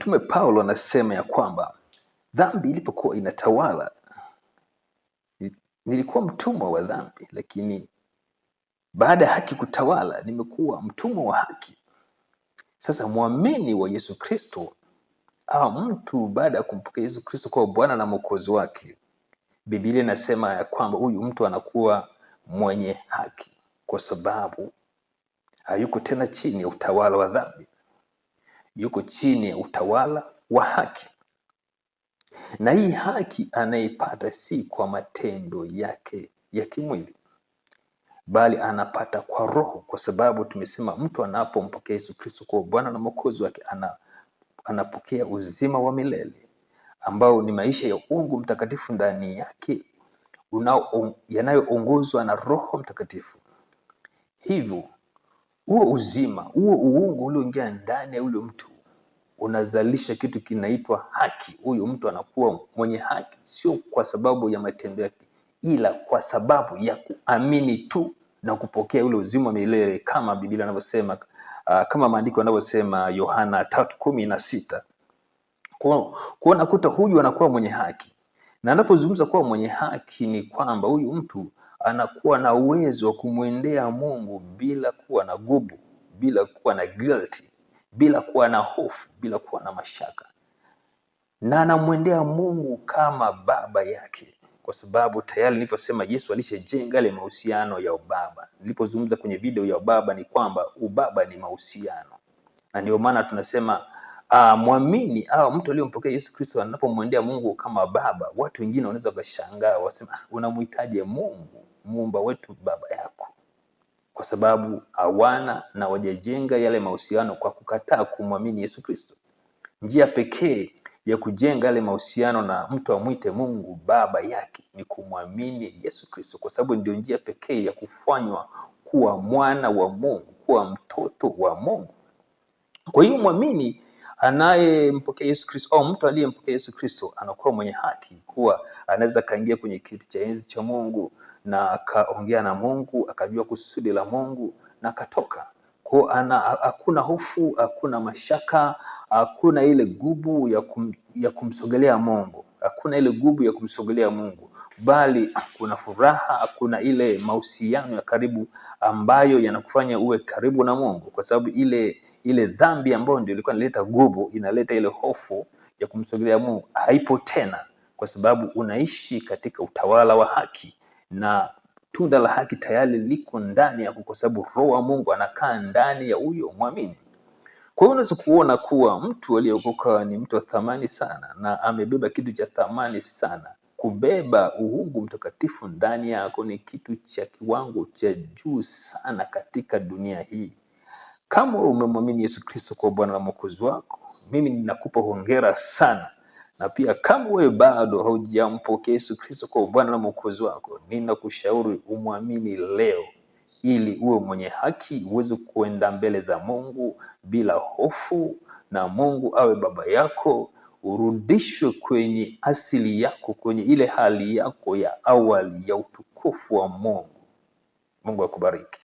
Mtume Paulo anasema ya kwamba dhambi ilipokuwa inatawala, nilikuwa mtumwa wa dhambi, lakini baada ya haki kutawala, nimekuwa mtumwa wa haki. Sasa mwamini wa Yesu Kristo au mtu baada ya kumpokea Yesu Kristo kuwa Bwana na Mwokozi wake, Biblia inasema ya kwamba huyu mtu anakuwa mwenye haki, kwa sababu hayuko tena chini ya utawala wa dhambi yuko chini ya utawala wa haki, na hii haki anaipata si kwa matendo yake ya kimwili, bali anapata kwa Roho, kwa sababu tumesema mtu anapompokea Yesu Kristo kwa Bwana na Mwokozi wake ana, anapokea uzima wa milele ambao ni maisha ya ungu Mtakatifu ndani yake yanayoongozwa na Roho Mtakatifu. Hivyo huo uzima huo uungu ulioingia ndani ya ule mtu unazalisha kitu kinaitwa haki. Huyu mtu anakuwa mwenye haki, sio kwa sababu ya matendo yake, ila kwa sababu ya kuamini tu na kupokea ule uzima wa milele kama Biblia anavyosema, uh, ah, kama maandiko yanavyosema Yohana tatu kumi na sita kwa nakuta huyu anakuwa mwenye haki, na anapozungumza kuwa mwenye haki ni kwamba huyu mtu anakuwa na uwezo wa kumwendea Mungu bila kuwa na gubu, bila kuwa na guilty bila kuwa na hofu, bila kuwa na mashaka, na anamwendea Mungu kama baba yake, kwa sababu tayari nilivyosema, Yesu alishajenga ile mahusiano ya ubaba. Nilipozungumza kwenye video ya ubaba, ni kwamba ubaba ni mahusiano, na ndio maana tunasema uh, mwamini au ah, mtu aliyompokea Yesu Kristo anapomwendea Mungu kama baba, watu wengine wanaweza wakashangaa, wasema ah, unamuhitaji Mungu muumba wetu, baba kwa sababu hawana na wajajenga yale mahusiano kwa kukataa kumwamini Yesu Kristo. Njia pekee ya kujenga yale mahusiano na mtu amwite Mungu baba yake ni kumwamini Yesu Kristo, kwa sababu ndio njia pekee ya kufanywa kuwa mwana wa Mungu, kuwa mtoto wa Mungu. Kwa hiyo mwamini anayempokea Yesu Kristo au mtu aliyempokea Yesu Kristo anakuwa mwenye haki kuwa anaweza kaingia kwenye kiti cha enzi cha Mungu na akaongea na Mungu, akajua kusudi la Mungu na akatoka. Kwa ana hakuna hofu, hakuna mashaka, hakuna ile gubu ya, kum, ya kumsogelea Mungu, hakuna ile gubu ya kumsogelea Mungu, bali kuna furaha, kuna ile mahusiano ya karibu ambayo yanakufanya uwe karibu na Mungu, kwa sababu ile ile dhambi ambayo ndio ilikuwa inaleta gubu, inaleta ile hofu ya kumsogelea Mungu haipo tena, kwa sababu unaishi katika utawala wa haki na tunda la haki tayari liko ndani yako, kwa sababu roho wa Mungu anakaa ndani ya huyo mwamini. Kwa hiyo unaweza kuona kuwa mtu aliyeokoka ni mtu wa thamani sana, na amebeba kitu cha thamani sana. Kubeba uungu mtakatifu ndani yako ni kitu cha kiwango cha juu sana katika dunia hii. Kama umemwamini Yesu Kristo kwa Bwana na Mwokozi wako, mimi ninakupa hongera sana na pia kama wewe bado haujampokea Yesu Kristo kwa Bwana na Mwokozi wako, ninakushauri umwamini leo ili uwe mwenye haki, uweze kuenda mbele za Mungu bila hofu, na Mungu awe baba yako, urudishwe kwenye asili yako, kwenye ile hali yako ya awali ya utukufu wa Mungu. Mungu akubariki.